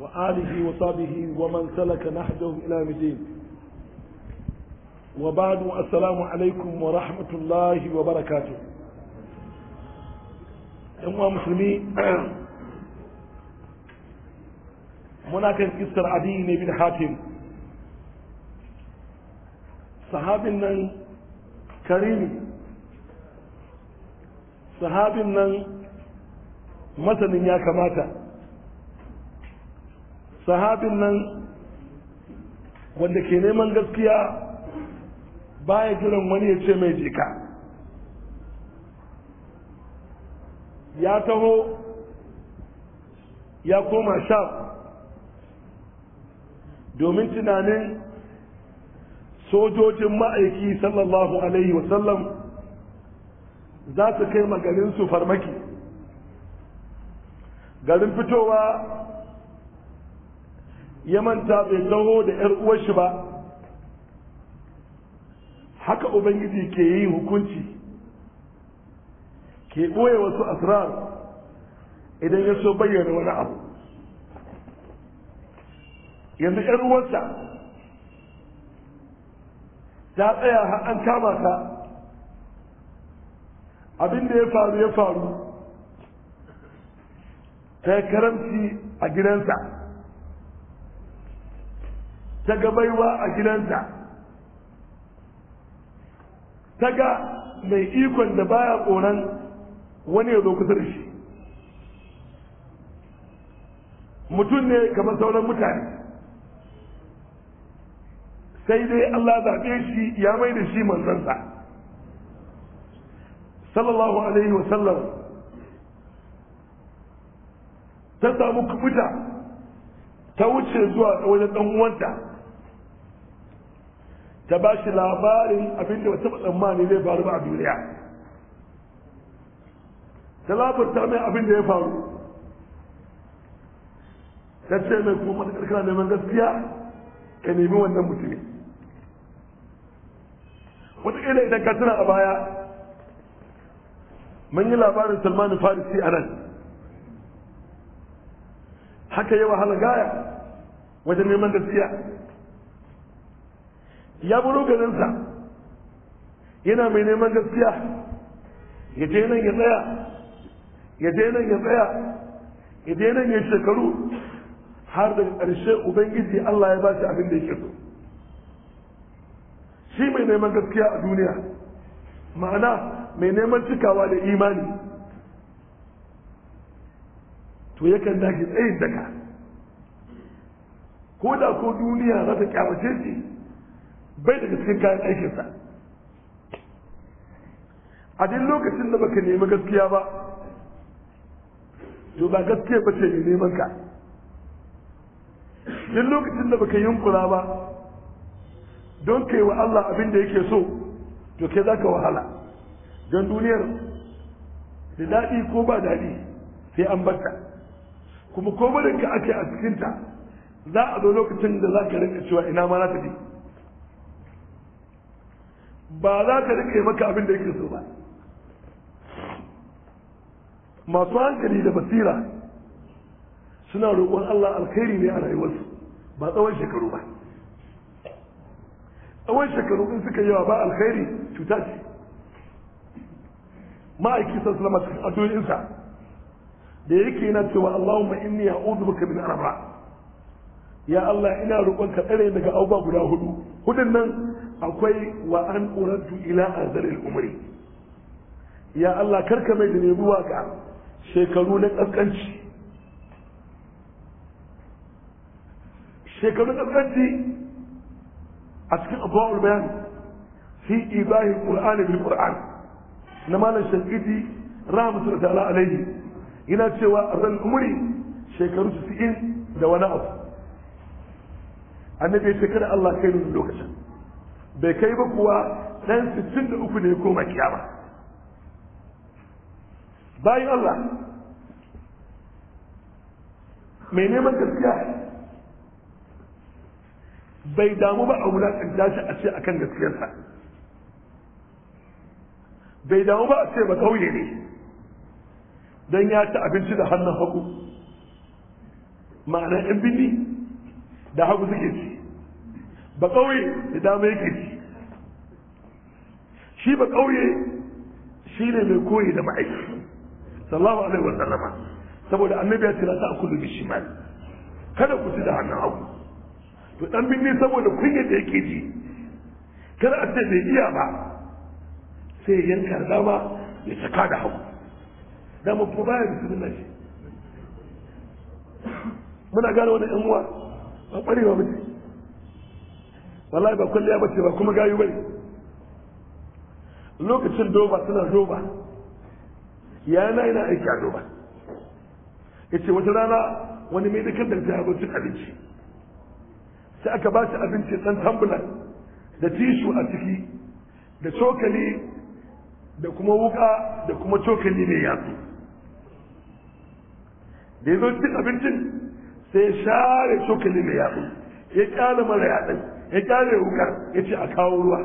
وآله وصحبه ومن سلك نهجه إلى مدين وبعد السلام عليكم ورحمة الله وبركاته أمو مسلمي هناك كسر عدي بن حاتم صحابنا nan صحابنا مثل يا كماتا sahabin nan wanda ke neman gaskiya baya jiran wani ya ce mai jika ya taho ya koma sha domin tunanin sojojin ma'aiki sallallahu alaihi wasallam za su kai su farmaki garin fitowa ya manta bai taho da ‘yar uwarshi ba haka ubangiji ke yi hukunci ke ɓoye wasu asrar idan ya so bayyana wani abu yanzu ‘yar uwarsa ta tsaya har an kama ta abin da ya faru ya faru ta karamci a gidansa ta ga baiwa a gidansa ta ga mai ikon da baya koran wani ya zo kusa da shi mutum ne kamar sauran mutane sai dai Allah zaɓe shi ya mai da shi manzansa sallallahu alaihi wasallam ta samu kubuta ta wuce zuwa wajen ɗan uwanta ta ba shi labarin abin da wata tsammani zai faru ba a duniya ta labarta mai abin da ya faru ta ce mai kuma matuƙar karkara neman gaskiya ka nemi wannan mutumin wataƙila idan ka tuna a baya mun yi labarin salmanin farisi a nan haka yi wahala gaya wajen neman gaskiya ya buro garinsa yana mai neman gaskiya ya je nan ya tsaya ya je nan ya tsaya ya je nan ya shekaru har da ƙarshe ubangiji Allah ya ba shi abin da yake so shi mai neman gaskiya a duniya ma'ana mai neman cikawa da imani to yakan dage tsayin daka ko da ko duniya za ta kyamace shi bai daga cikin kayan aikinsa a duk lokacin da baka nemi gaskiya ba to ba gaskiya ba ce neman ka duk lokacin da baka yunkura ba don kai wa Allah abin da yake so to kai zaka wahala don duniyar da daɗi ko ba daɗi sai an barka kuma ko barinka ake a cikinta za a zo lokacin da za ka rinka cewa ina ma na tafi ba za ka rike maka abin da yake so ba masu hankali da basira suna roƙon Allah alkhairi ne a rayuwarsu ba tsawon shekaru ba tsawon shekaru in suka yawa ba alkhairi cuta ce ma'aiki sassalama cikin addu'o'insa da yake yana cewa Allahumma inni a'udhu bika min arba ya Allah ina roƙon ka tsare daga abubuwa guda hudu hudun nan akwai wa an uraddu ila azalil umri ya Allah karka mai da nemi ga shekaru na kaskanci shekaru na kaskanci a cikin abuwa bayan fi ibahi qur'ani bil qur'an na malam shankiti rahmatu ta'ala alaihi yana cewa azal umri shekaru 90 da wani abu annabi ya ce kada Allah kai lokacin bai kai ba kuwa ɗan 63 ne koma kiyama bayan Allah mai neman gaskiya bai damu ba a wulaƙanta shi a ce akan gaskiyarsa bai damu ba a ce ba kauye ne don ya ci abinci da hannun hagu ma'ana yan bindi da hagu suke ci ba kauye da dama yake shi shi ba kauye shi ne mai koyi da ma'aiki sallallahu alaihi wa sallama saboda annabi ya ce ta kullu bi shimal kada ku ci da hannun hagu to dan binne saboda kunya da yake ji kada a ce bai iya ba sai yanka da dama ya saka da hagu dama kuma baya musulunci shi muna gane wani yan uwa ba kwarewa mutum wallahi ba ba bace ba kuma gayu bane lokacin doba suna doba yana yana aiki a doba yace wata rana wani mai dukkan da ya abinci sai aka ba shi abinci dan tambulan da tishu a ciki da cokali da kuma wuka da kuma cokali mai yatsu da ya abincin sai ya share cokali mai yatsu ya kyala mara ya kyale wukar ya ce a kawo ruwa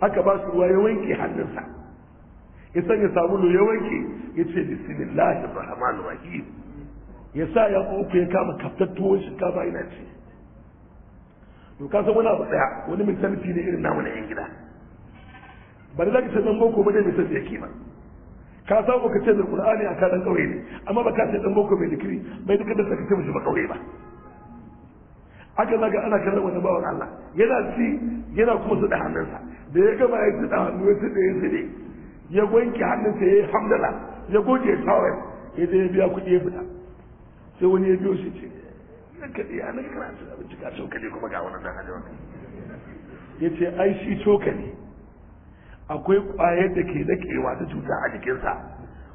aka ba su ruwa ya wanke hannunsa ya sanya sabulu ya wanke ya ce bismillahir rahmanir rahim ya sa ya ya kama kaftattuwar shinkafa ina ce to ka san wani abu tsaya wani mai ne irin namu na yan gida ba da zaka ce dan boko bane mai sarfi yake ba ka samu ka ce da qur'ani a kan kauye ne amma ba ka ce dan boko mai dikiri bai duka da sakace mu ba kauye ba haka zaga ana kallon wani bawan Allah yana ci yana kuma su da hannunsa da ya gama ya ci da hannu ya ci da ya ci ya wanke hannunsa ya yi hamdala ya goge tawai ya je ya biya kuɗi ya fita sai wani ya biyo shi ce nan kaɗi ya nan kana abinci ka cokali kuma ga wani dan ajiyar ya ce ai shi cokali akwai ƙwayar da ke kewa ta cuta a jikinsa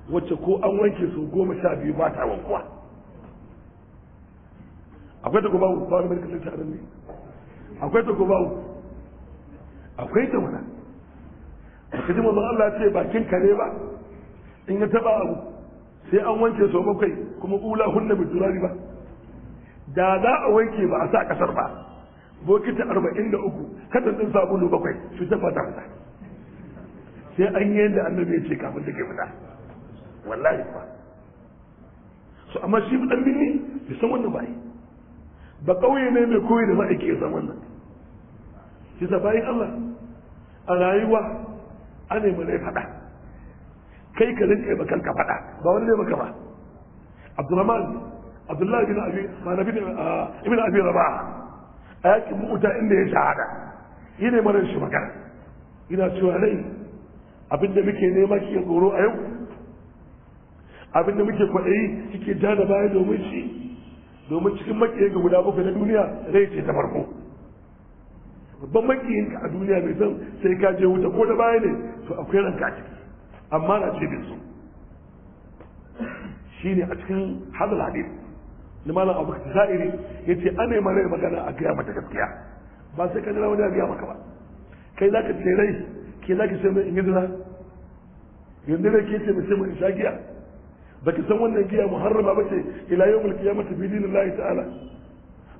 wacce ko an wanke su goma sha biyu ba ta wankuwa. akwai ta ko babu ba wani mai kasance a ne akwai ta ko babu akwai ta wani baka ji manzon Allah ce bakin kare ba in ya taba abu sai an wanke so bakwai kuma ula hunna bi turari ba da za a wanke ba a sa kasar ba bokiti arba'in da uku katon din sabulu bakwai su ta fata fita sai an yi yadda annabi ya ce kafin ke fita wallahi ba so amma shi dan bini bai san wannan ba yi ba kauye ne mai koyi da ma'aiki ya wannan shi bayan Allah a rayuwa a nemi rai faɗa kai ka rinka ba kanka faɗa ba wani ne maka ba Abdulrahman Abdullahi bin Abi ma nabi ah, ibn Abi raba. a yakin mu'uta inda ya shahada yi ne mara shi magana ina cewa rai abinda muke nema ke tsoro a yau abinda muke kwaɗayi kike ja baya domin shi domin cikin makiyayin guda bakwai na duniya zai ce ta farko babban makiyayin a duniya bai san sai ka je wuta ko da baya ne to akwai ran ka ciki amma na ce bin su shine a cikin hadal hadis na malam abu za'iri ya ce ana yi mara magana a gaya mata gaskiya ba sai ka jira wani a gaya maka ba kai za ka tsere ke za ka sai mai in yanzu rai ke ce mai sai mai shagiya baki san wannan giya muharrama bace ila yawmul qiyamati bi dinillahi ta'ala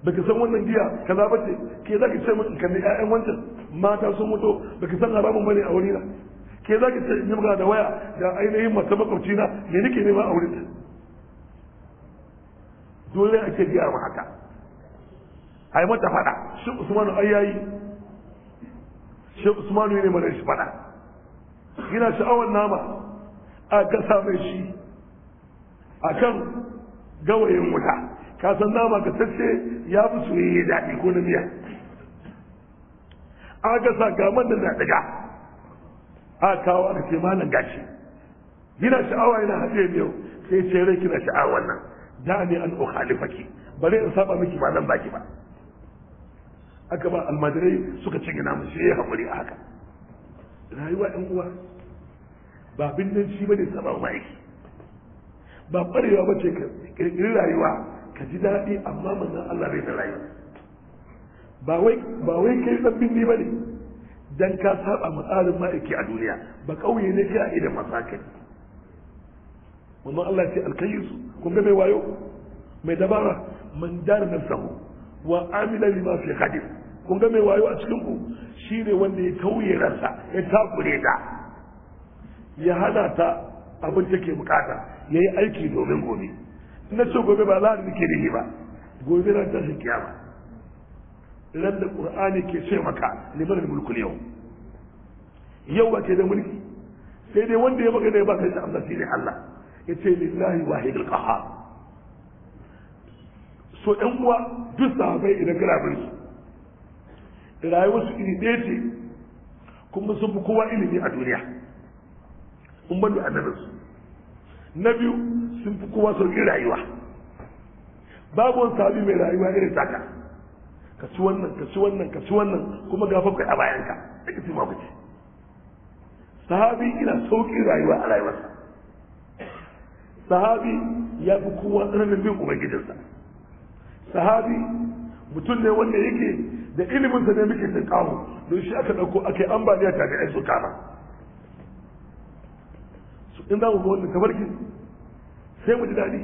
baki san wannan giya kaza bace ke zaka ce mun kalli ƴaƴan wancan mata sun mutu baki san haramun bane a wurina ke zaka ce in muka da waya da ainihin mata makwabci na me nake nema a wurinta dole ake giya mu haka ai mata fada shi usmanu ayyayi shi usmanu ne mai shi fada yana sha'awar nama a gasa mai shi a kan gawayin wuta kasan san nama ka tace ya fi soyayya daɗi ko na miya a sa gaman da na daga a kawo aka ce malam gashi yana sha'awa yana haɗe ne sai ce rai kina sha'awa nan da ne an ki, bare in saba miki ba nan baki ba aka ba almadirai suka ci gina mu sai ya haƙuri a haka rayuwa ɗan uwa ba bin ba shi bane saba wa ba ƙwarewa ba ce ka ƙirƙiri rayuwa ka ji daɗi amma manzan Allah bai da rayuwa ba wai ba wai kai dan binni bane dan ka saba mu tsarin ma'aiki a duniya ba kauye ne kai a idan masakai manzan Allah ce alkayyus kun ga mai wayo mai dabara man dara nafsahu wa amila lima fi hadith kun ga mai wayo a cikin ku shine wanda ya tauye ransa ya takure ta ya hana ta abin take bukata yayi aiki domin gobe na ce gobe ba ke da yi ba gobe ran tashin kiyama ran da qur'ani ke ce maka da mulkul yau yau ba ke da mulki sai dai wanda ya magana ya baka shi amsa shi ne Allah ya ce lillahi wahidul qahhar so ɗan uwa duk sahabbai idan kana bin su rayuwarsu iri ɗaya ce kuma sun fi kowa ilimi a duniya in ban da annabinsu na biyu sun fi kowa sauƙin rayuwa babu wani sabi mai rayuwa irin taka ka ci wannan ka ci wannan ka ci wannan kuma ga kai a bayanka ka, ka ci ma kuce sahabi ina sauƙin rayuwa a rayuwarsa sahabi ya fi kowa tsananin bin gidansa, sahabi mutum ne wanda yake da iliminsa ne muke sun kamu don shi aka ɗauko aka yi ambaliya ga ai su kama in za mu ga wannan ki sai mu ji daɗi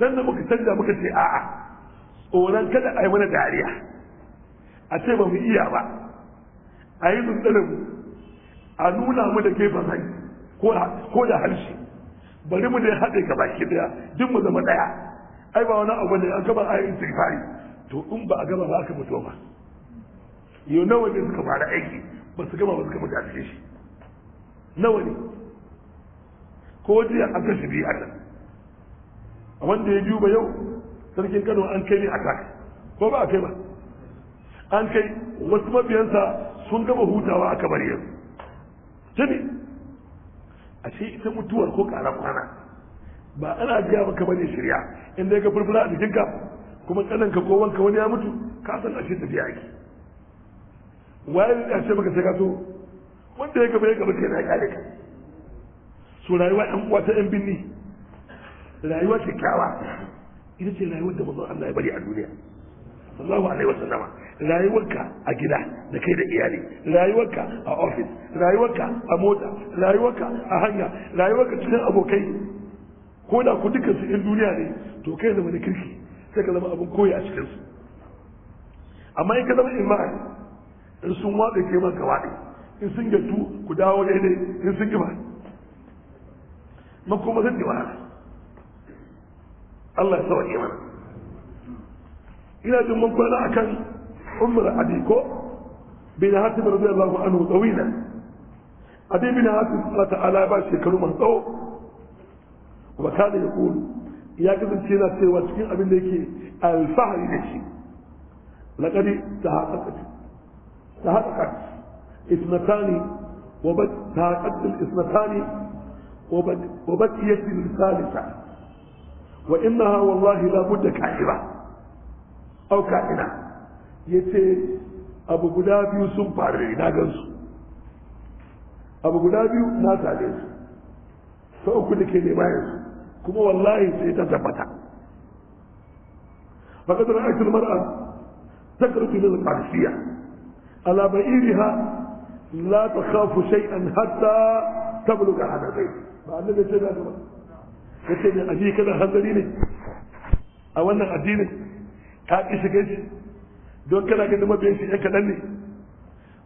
zan da muka canza muka ce a'a tsoron kada a yi mana dariya a ce ba mu iya ba a yi tsintsarin mu a nuna mu da gefen hanyi ko da harshe bari mu dai haɗe ka baki ɗaya duk mu zama ɗaya ai ba wani abu ne an gaba ayin istighfari to in ba a gaba ba aka mutu ba yau nawa ne suka fara aiki ba su gama ba su mutu a shi nawa ne ko jiya an kashe biyu a can wanda ya duba yau sarkin kano an kai ne a tak ko ba a kai ba an kai wasu mabiyansa sun gaba hutawa a kamar yau jami a ce ita mutuwar ko kara kwana ba ana biya maka ne shirya inda ya ga furfura a jikinka kuma kananka ko wanka wani ya mutu ka san ashe tafiya ake waye ne a ce maka sai ka so wanda ya gaba ya gaba ke na ya kare ka to rayuwa ɗan uwa ta ɗan binni rayuwa kyakkyawa ita ce rayuwar da mazan Allah ya bari a duniya sallahu alaihi wa sallama rayuwarka a gida da kai da iyali rayuwarka a ofis rayuwarka a mota rayuwarka a hanya rayuwarka cikin abokai ko da ku dukkan su in duniya ne to kai zama da kirki sai ka zama abin koyi a cikin amma in ka zama imani in sun waɗe ke ma ka waɗe in sun gyattu ku dawo daidai in sun gima makoma zai wahala Allah ya sauke mana ina jin mun kwana akan ummul adi ko bin hatim radiyallahu anhu tawila adi bin hatim Allah ta'ala ba shekaru man tsawo wa kana yaqul ya kasance yana cewa cikin abin da yake alfahari da shi laqad tahaqqaqat tahaqqaqat اثنتان وبد تاقت الاثنتان وبقيت الثالثة وإنها والله لا بد كائبة أو كائنة يتي أبو غلاب سنباري فاري ناقص أبو غلاب ناسا ليس فأكل كلمة كما والله سيتزبط فقد رأيت المرأة تخرج من القادسية على بئيرها لا تخاف شيئا حتى تبلغ هذا البيت ba annabi ce da ba yace hanzari ne a wannan addinin ta ki shiga shi don kana ganin mabiyan shi ɗan kaɗan ne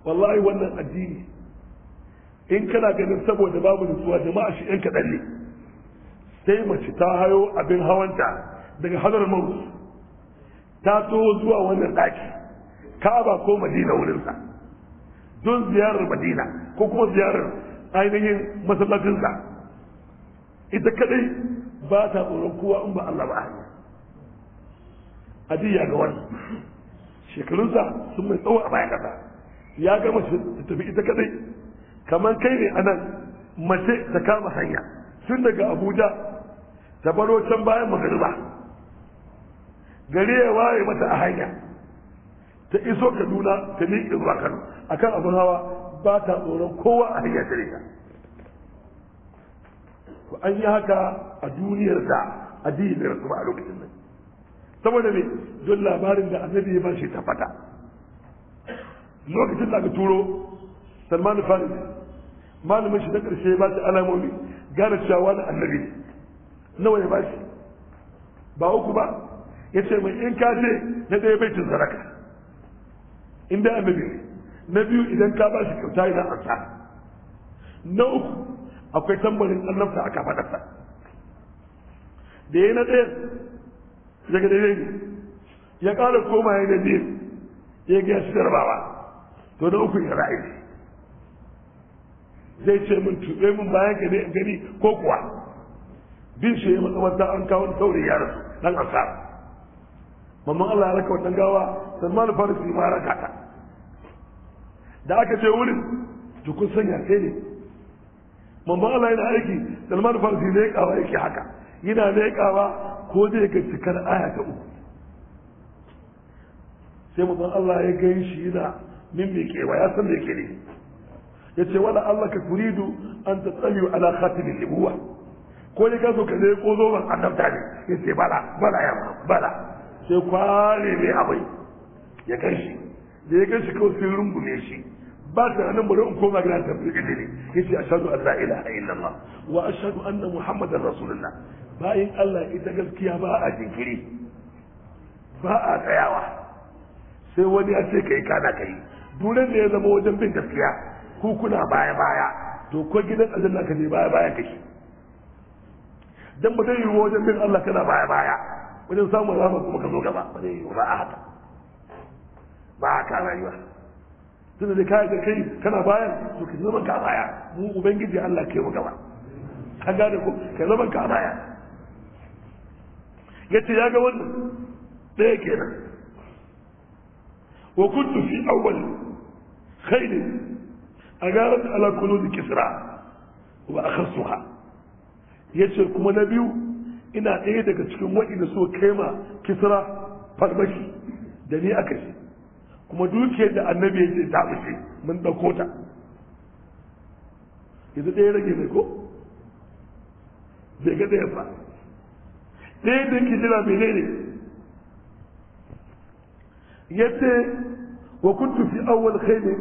wallahi wannan addini in kana ganin saboda babu nutsuwa jama'a shi ɗan kaɗan ne sai mace ta hayo abin hawanta daga hadar maus ta taho zuwa wannan ɗaki kaba ko madina wurinsa don ziyarar madina ko kuma ziyarar ainihin masallacinsa ita kadai ba ta tsoron kowa in ba Allah ba adiya ga wannan shekarunsa sun mai tsawo a bayan kasa ya gama ta tafi ita kadai kamar kai ne anan mace ta kama hanya tun daga abuja ta baro can bayan magariba gari ya waye mata a hanya ta iso kaduna ta miƙe zuwa kano akan abin hawa ba ta tsoron kowa a hanya ta to an yi haka a duniyar da addini da kuma a lokacin nan saboda me don labarin da annabi ya ba shi tabbata lokacin da aka turo salman faris malamin shi na karshe ya ba shi alamomi gane cewa na annabi nawa ya ba ba uku ba ya ce mai in ka je na ɗaya cin sadaka in dai annabi na biyu idan ka ba shi kyauta yana ansa na uku akwai tambarin annabta aka faɗarsa da ya na ɗaya daga da ne ya ƙara koma ya da biyu ya ga shi jarabawa to da uku ya ra'ayi zai ce min tuɓe min bayan gani in gani ko kuwa bin shi ya matsamanta an kawo tauri ya rasu dan asara mamman Allah ya raka wannan gawa Salman Farisi ma raka ta da aka ce wurin duk sanya sai ne manzon Allah yana aiki Salman Farsi ne kawa yake haka yana kawa ko zai ga cikar aya ta uku sai manzon Allah ya gan shi yana min ke wa ya san me ke ne ya ce wala Allah ka turidu an ta tsayu ala al-nubuwa ko ne ka so ka zai ko zo ban annabta ne ya ce bala bala ya bala sai kwale ne abai ya kai shi da ya kai shi kawai sun rungume shi ba ta nan bari in koma gidan tabbata ne yace ashhadu an la ilaha illallah wa ashhadu anna muhammadar rasulullah bayan Allah ita gaskiya ba a jinkiri ba a tsayawa sai wani ya ce kai kana kai duran da ya zama wajen bin gaskiya ku kuna baya baya to ko gidan aljanna ka je baya baya kake dan ba zai yi wajen bin Allah kana baya baya wajen samun rahama kuma ka zo gaba ba zai yi ba a haka ba a kan rayuwa tunda da kai kai kana bayan to ki zama ka baya mu ubangiji Allah ke magana gaba ka gane ko ka zama ka baya yace ya ga wannan ɗaya kenan wa kuntu fi awwal khayr agarat ala kunuz kisra wa akhassuha yace kuma na biyu ina ɗaya daga cikin waɗanda so kaima kisra farmaki da ni aka shi kuma dukiyar da annabi ya ce ta wuce mun ɗauko ta yanzu ɗaya rage mai ko bai ga ɗaya ba ɗaya da ke jira mene ne ya ce wa kuntu fi awwal khayli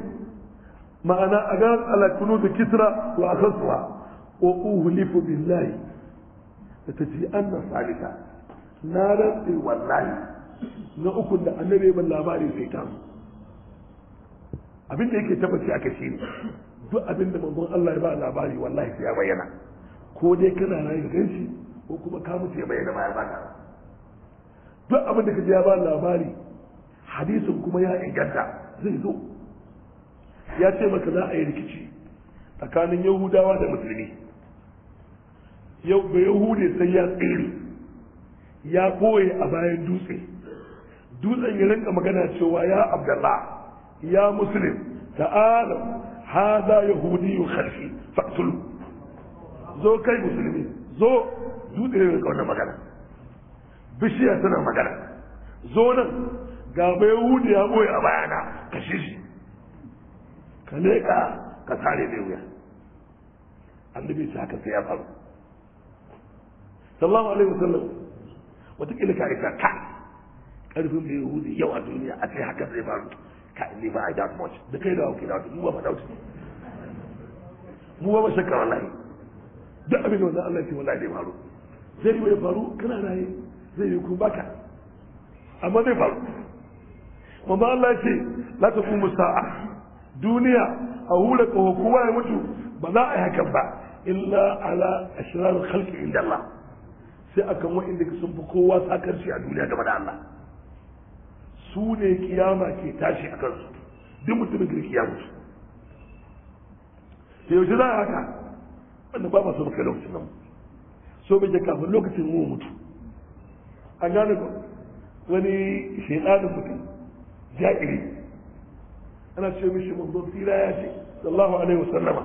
ma'ana a ga ala da kisra wa akasuwa wa uhlifu billahi da ta ji an na salita na rantsi wallahi na ukun da annabi ban labari sai ta mu abin da yake tabbaci aka shi ne duk abin da manzon Allah ya ba labari wallahi sai ya bayyana ko dai kana rayu gan ko kuma ka mutu ya bayyana bayan baka duk abin da kaje ya ba labari hadisin kuma ya inganta zai zo ya ce maka za a yi rikici tsakanin yahudawa da musulmi yau ba yahude sai ya tsere ya koye a bayan dutse dutsen ya rinka magana cewa ya abdullah يا مسلم تعالوا هذا يهودي خلفي فاقتلوه zo kai musulmi zo dutse ne ga wannan magana bishiya tana magana zo nan ga bai ya boye a bayana ka shi ka leƙa ka sare mai wuya annabi ta haka sai ya faru sallallahu alaihi wasallam wataƙila ka isa ƙarfin yahudi yau a duniya a haka zai faru ni ba I doubt much da kai da kai da mu ba doubt mu ba shakka wallahi da abin da wannan Allah ya ce wallahi zai faru zai yi faru kana raye zai yi kuma baka amma zai faru mamma Allah ya ce la taqumu sa'a duniya a hura kawo kowa ya mutu ba za a yi hakan ba illa ala ashrar khalqi inda Allah sai akan wa'inda sun fi kowa sakarci a duniya gaba da Allah su ne kiyama ke tashi a kansu duk mutumin girki ya mutu sai yaushe za a haka wanda ba masu maka lokacin nan so bai kafin lokacin mu mutu A gane ko wani shaidanin mutum ja'iri ana ce mishi manzo tsira ya ce Sallahu alaihi wasallama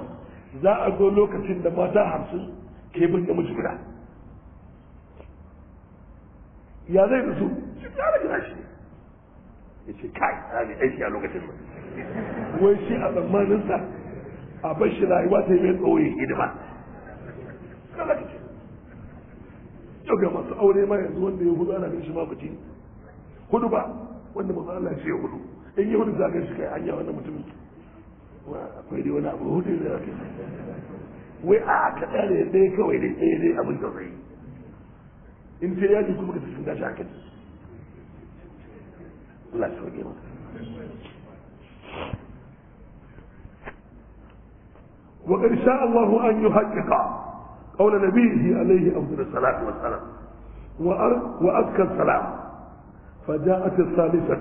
za a zo lokacin da mata hamsin ke bin da miji guda ya zai da su ya rage shi ya ce kai ne aiki a lokacin nan wai shi a tsammaninsa a bar ta yi mai hidima yau ga masu aure ma yanzu wanda ya hudu ana shi hudu ba wanda masu Allah shi ya hudu in yi hudu zagar shi kai hanya akwai dai wani abu hudu da wai a ka tsare kawai zai in وقد شاء الله أن يحقق قول نبيه عليه أفضل الصلاة والسلام وأذكى السلام فجاءت الثالثة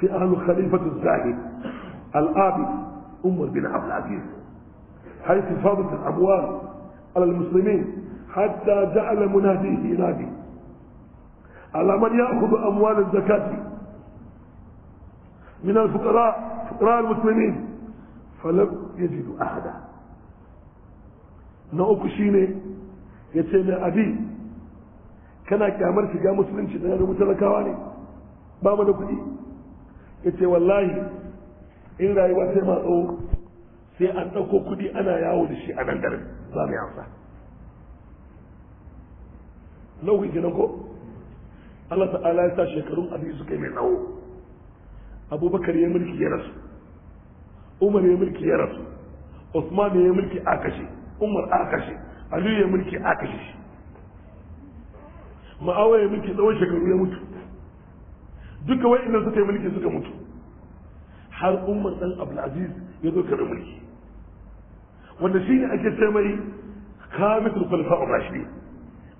في أهل خليفة الزاهد الآبد أم بن عبد العزيز حيث فاضت الأموال على المسلمين حتى جعل مناديه ينادي على من يأخذ أموال الزكاة من الفقراء فقراء المسلمين فلم يجدوا أحدا نأكو شيني يتسمى أبي كان musulunci شجاع مسلم شجاع متلكواني ba mu da kuɗi ya ce wallahi in rayuwa sai ma tsawo sai an ɗauko kuɗi ana yawo da shi a nan garin za mu yansa nau'in kenan ko Allah ta'ala ya sa shekarun abin su kai mai tsawo abubakar ya mulki ya rasu umar ya mulki ya rasu usman ya mulki a kashe umar a kashe aliyu ya mulki a kashe shi ma'awa ya mulki tsawon shekaru ya mutu duka wa'annan suka yi mulki suka mutu har umar dan abdulaziz ya zo kare mulki wanda shi ne ake ce mai kamitul khulafa'ur rashidin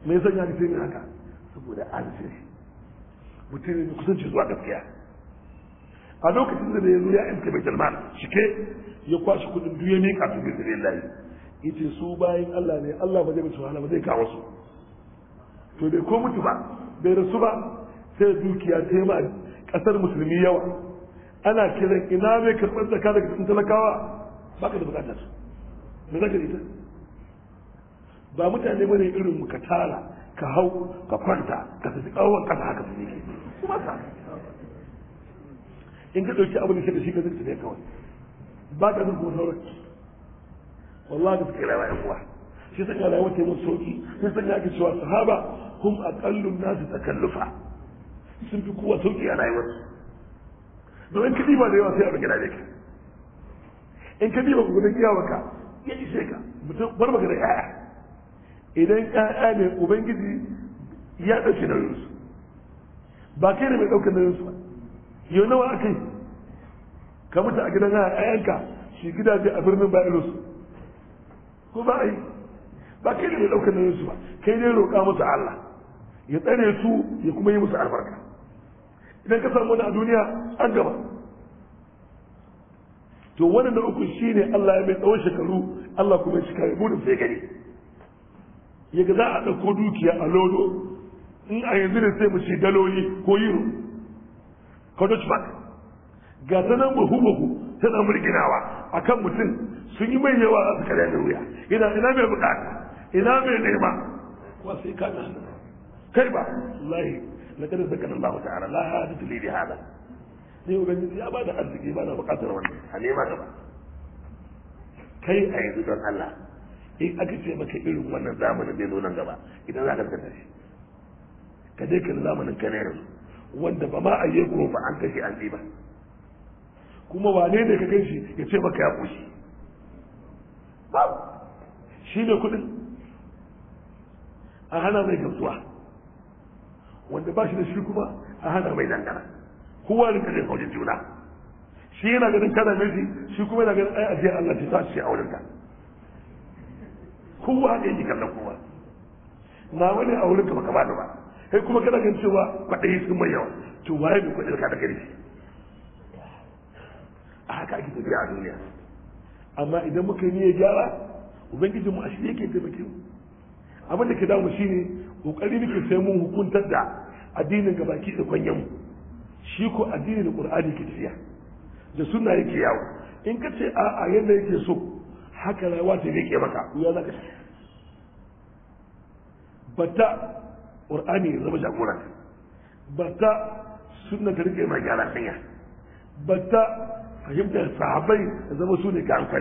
me yasa ya ce haka saboda an ce mutum ne kusanci zuwa gaskiya a lokacin da ya zo ya iske bai kalma shike ya kwashi kudin duk ya mika su bisa lillahi ita su bayan Allah ne Allah ba zai mutu wahala ba zai kawo su to bai ko mutu ba bai rasu ba sai dukiya ta yi ma kasar musulmi yawa ana kiran ina mai karɓar zaka daga cikin talakawa ka da bukatar su me zaka ita ba mutane bane irin mu ka tara ka hau ka kwanta ka tafi kawon kasa haka su ne ke kuma sa in ka ɗauki abin da ke da shi ka zai ne kawai ba ka zai kuma da wallahi yi rayuwa yan uwa sun yi rayuwa ta mun sauki shi saka ake cewa sahaba a ƙallun nasu ta kallufa sun fi kowa sauki a rayuwar domin ka ba da yawa sai a magana da ka in ka diba gudun iyawarka ya ishe ka mutum bar maka da ƴaƴa idan ƴaƴa ne ubangiji ya ɗauki nauyinsu ba kai ne mai ɗaukar nauyinsu ba yau nawa aka yi ka mutu a gidan haya ayanka shi gidaje a birnin bayelos ko ba a yi ba kai ne mai ɗaukar nauyin su ba kai ne roƙa musu Allah ya tsare su ya kuma yi musu albarka idan ka samu wani a duniya an gaba to wani na uku shi ne Allah ya mai tsawon shekaru Allah kuma ya kare ya sai gani yaga za a ɗauko dukiya a lodo in a yanzu ne sai mu ci daloli ko yiro ko dutch bank ga ta nan bahu ta nan murginawa a kan mutum sun yi mai yawa za su karya da wuya ina ina mai bukata ina mai nema wa sai ka nan kai ba wallahi na kada saka nan Allah ta'ala la da tilidi hada sai ubangiji ya bada arziki ba na bukatar wani a nema ka ba kai a yanzu don Allah in aka ce maka irin wannan zamanin zai zo gaba idan za ka shi ka je kan zamanin ka su yanzu wanda ba ma a yi guro ba an kashe an ba kuma wane ne ka shi ya ce maka ya kushi ba shi ne kudin a hana mai gamsuwa wanda ba shi da shi kuma a hana mai dangana kowa rinka kare haujin juna shi yana ganin kana mai shi kuma yana ganin ai ajiyar Allah ta sashi a wurinka kowa ne yi kallon kowa na wani a wurinka baka bani ba kai kuma kana gan cewa kwaɗayi sun mai yawa to waye mai kwaɗayi ka da gari a haka ake tafiya a duniya amma idan muka yi gyara ubangijinmu a shi yake taimake mu abin da ke damu shine kokari muke sai mun hukuntar da addinin gabaki da kwanyen mu shi ko addinin da qur'ani ke tafiya da sunna yake yawo in ka ce a yadda yake so haka rayuwa ta yake maka ya zaka bata qur'ani ya zama jagoran batta suna ta rike mai gyara hanya batta fahimtar sahabai ya zama su ne ga ka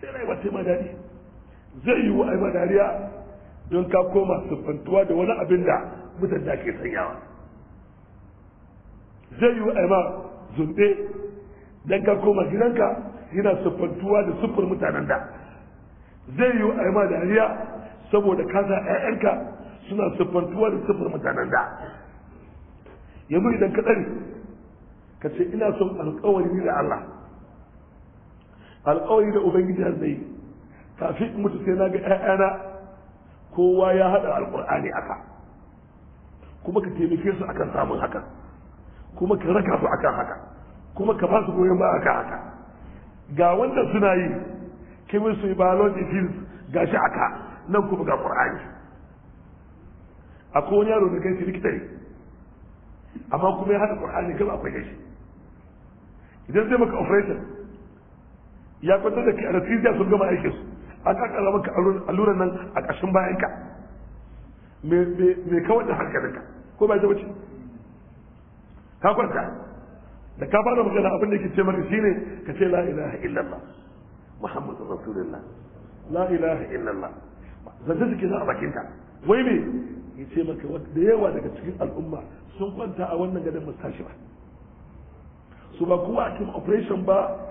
sai rai wata ma dadi zai yi wa ai ma dariya don ka koma siffantuwa da wani abin da mutan da ke sanyawa zai yi wa ai ma zunde don ka koma gidanka yana siffantuwa da siffar mutanen da zai yi wa ai ma dariya saboda ka sa 'ya'yanka suna siffantuwa da siffar mutanen da yanzu idan ka ka ce ina son alƙawari da Allah alƙawari da ubangiji har zai kafin in mutu sai na ga ƴaƴana kowa ya haɗa alƙur'ani aka kuma ka taimake su akan samun haka kuma ka raka su akan haka kuma ka ba su goyon ba akan haka ga wanda suna yi chemistry biology fields gashi aka nan kuma ga ƙur'ani. akwai wani yaro da kai shi likita ne amma kuma ya haɗa ƙur'ani gaba akwai kai idan zai maka operation ya kwantar da kai anesthesia sun gama aikin su an kakala maka alluran nan a ƙashin bayan ka mai kawar da ka? ko ba zai wuce ka kwanta da ka fara magana abin da ke ce maka shine ka ce la ilaha illallah muhammadu rasulullah la ilaha illallah zance suke za a bakinta. wai me ya ce maka da yawa daga cikin al'umma sun kwanta a wannan gadon musashi ba su ba kowa a cikin operation ba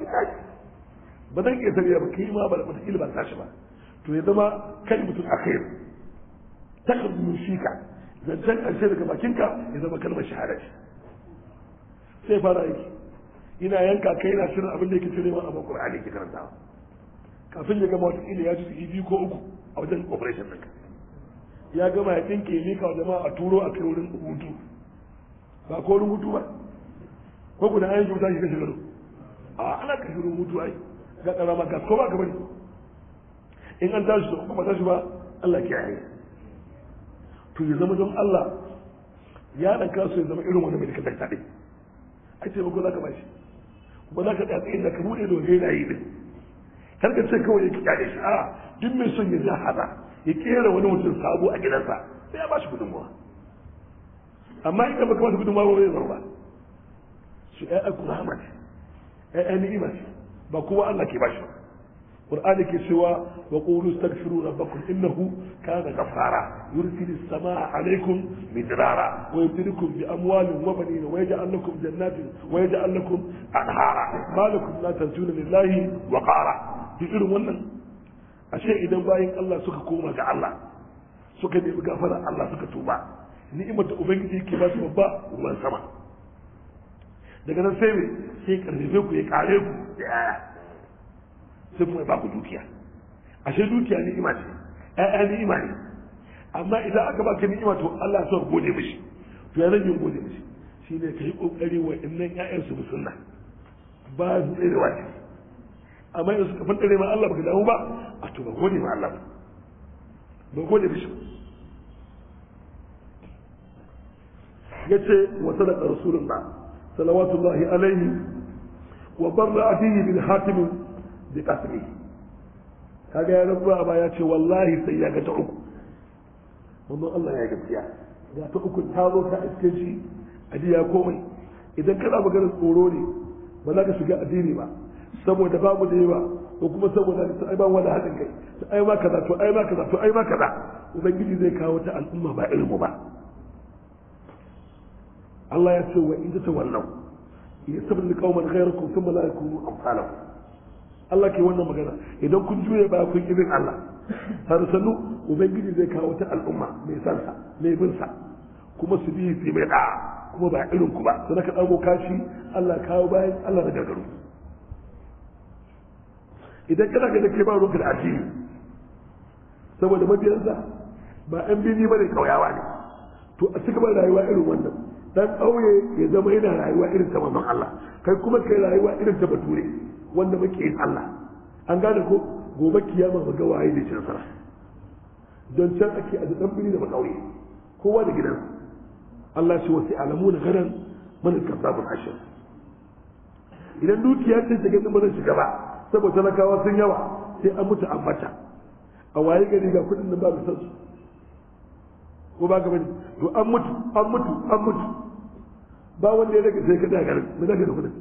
ba zan iya tafiya ba kai ma ba da ba tashi ba to ya zama kan mutum akhir takar nushi ka zancen ƙarshe daga bakinka ya zama kalmar shahada ce sai fara aiki ina yanka kai yana shirin abin da yake cire ma abin ƙur'ani ke karanta kafin ya gama ila ya ci biyu ko uku a wajen operation ɗinka ya gama ya tinke ya mika jama'a a turo a kai wurin hutu ba ko wurin hutu ba ko kuna an yi kyauta shi kashe gado a ana kashe wurin hutu ai ga karama ga ko ba ka bari in an tashi da kuma tashi ba Allah ke yi to ya zama don Allah ya dan kasu ya zama irin wani mai kadar tabe ai sai ko za ka bashi kuma za ka da tsayin da ka bude dole yayi din kar ka ce kawai ya kiyaye shi a duk mai son ya ji hada ya kera wani mutum sabo a gidansa sai ya bashi gudunmuwa amma idan baka bashi gudunmuwa ba zai zo ba su ya aiku rahmat ya ya ni'ima ce ba kuma Allah ke bashi ba Qur'ani ke cewa wa qulu ka rabbakum innahu kana sama, yursilis samaa alaykum midrara wa yumdidukum bi amwalin wa banin da yaj'al lakum jannatin wa yaj'al lakum anhara malakum la tanjuna lillahi wa qara bi irin wannan ashe idan bayan Allah suka koma ga Allah suka nemi gafara Allah suka tuba ni'imar da ubangiji yake ba su babba ruwan sama daga nan sai me sai karfafe ku ya kare ku ya sai kuma ba ku dukiya ashe dukiya ni'ima ce ƴaƴa ni'ima ne amma idan aka baka ni'ima to Allah ya so gode mishi to ya zan yi gode mishi shine ka yi kokari wa innan ƴaƴan su musulma ba su tsere da amma yanzu suka fantare ma Allah baka dawo ba a to ba gode ma Allah ba gode mishi ce wa sadaqa rasulullah salawatullahi alaihi wa barra abihi bil hatim bi qasmi kaga ya rabu ba ya ce wallahi sai ya ga ta uku wannan Allah ya gaskiya ga ta uku ta zo ta iske shi adiya komai idan kana maganar tsoro ne ba za ka shiga addini ba saboda babu da yawa ko kuma saboda ta ai ba wani haɗin kai ta ai ma kaza to ai ma kaza to ai ma kaza ubangiji zai kawo ta al'umma ba ilmu ba Allah ya ce wa inda ta wannan ya sabbi qauman ghayrakum thumma la yakunu amsalakum Allah ke wannan magana idan kun juye ba kun ibin Allah har sanu ubangiji zai kawo ta al'umma mai sansa mai bin sa kuma su bi su mai da kuma ba irin ku ba sai ka dago kashi Allah kawo bayan Allah da gargaru idan kana ga ke ba ruwanka da addini saboda mabiyansa ba yan ba ne kauyawa ne to a cikin rayuwa irin wannan dan ƙauye ya zama yana rayuwa irin ta manzon Allah kai kuma kai rayuwa irin ta bature wanda muke yin Allah an gane ko gobe kiyama ba ga waye ne cin sara don can ake a dan biri da ƙauye kowa da gidan Allah shi wasi alamuna garan man kasabul ashir idan dukiya ce ta gidan ba shiga ba saboda talakawa sun yawa sai an mutu an mata a waye gari ga kudin da ba da sansu ko ba gaba to an mutu an mutu an mutu ba wanda ya rage sai ka daga garin da kudin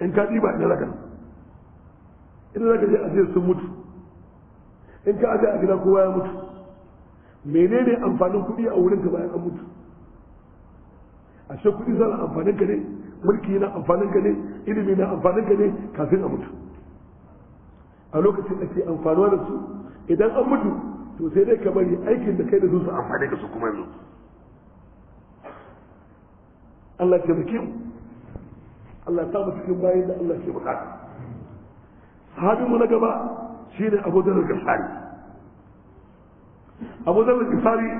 in ka diba ina zaka ina zaka je a sun mutu in ka aje a gida kowa ya mutu menene amfanin kudi a wurin ka bayan an mutu a shi kudi zan amfanin ka ne mulki na amfanin ka ne ilimi na amfanin ka ne kafin a mutu a lokacin ake amfanuwa da su idan an mutu to sai dai ka bari aikin da kai da su su amfani da su kuma yanzu Allah ke mu Allah ta mu cikin bayan da Allah ke bukata sahabinmu na gaba shi ne Abu Dharr Ghifari Abu Dharr Ghifari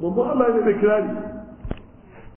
mun Allah ne mai kirari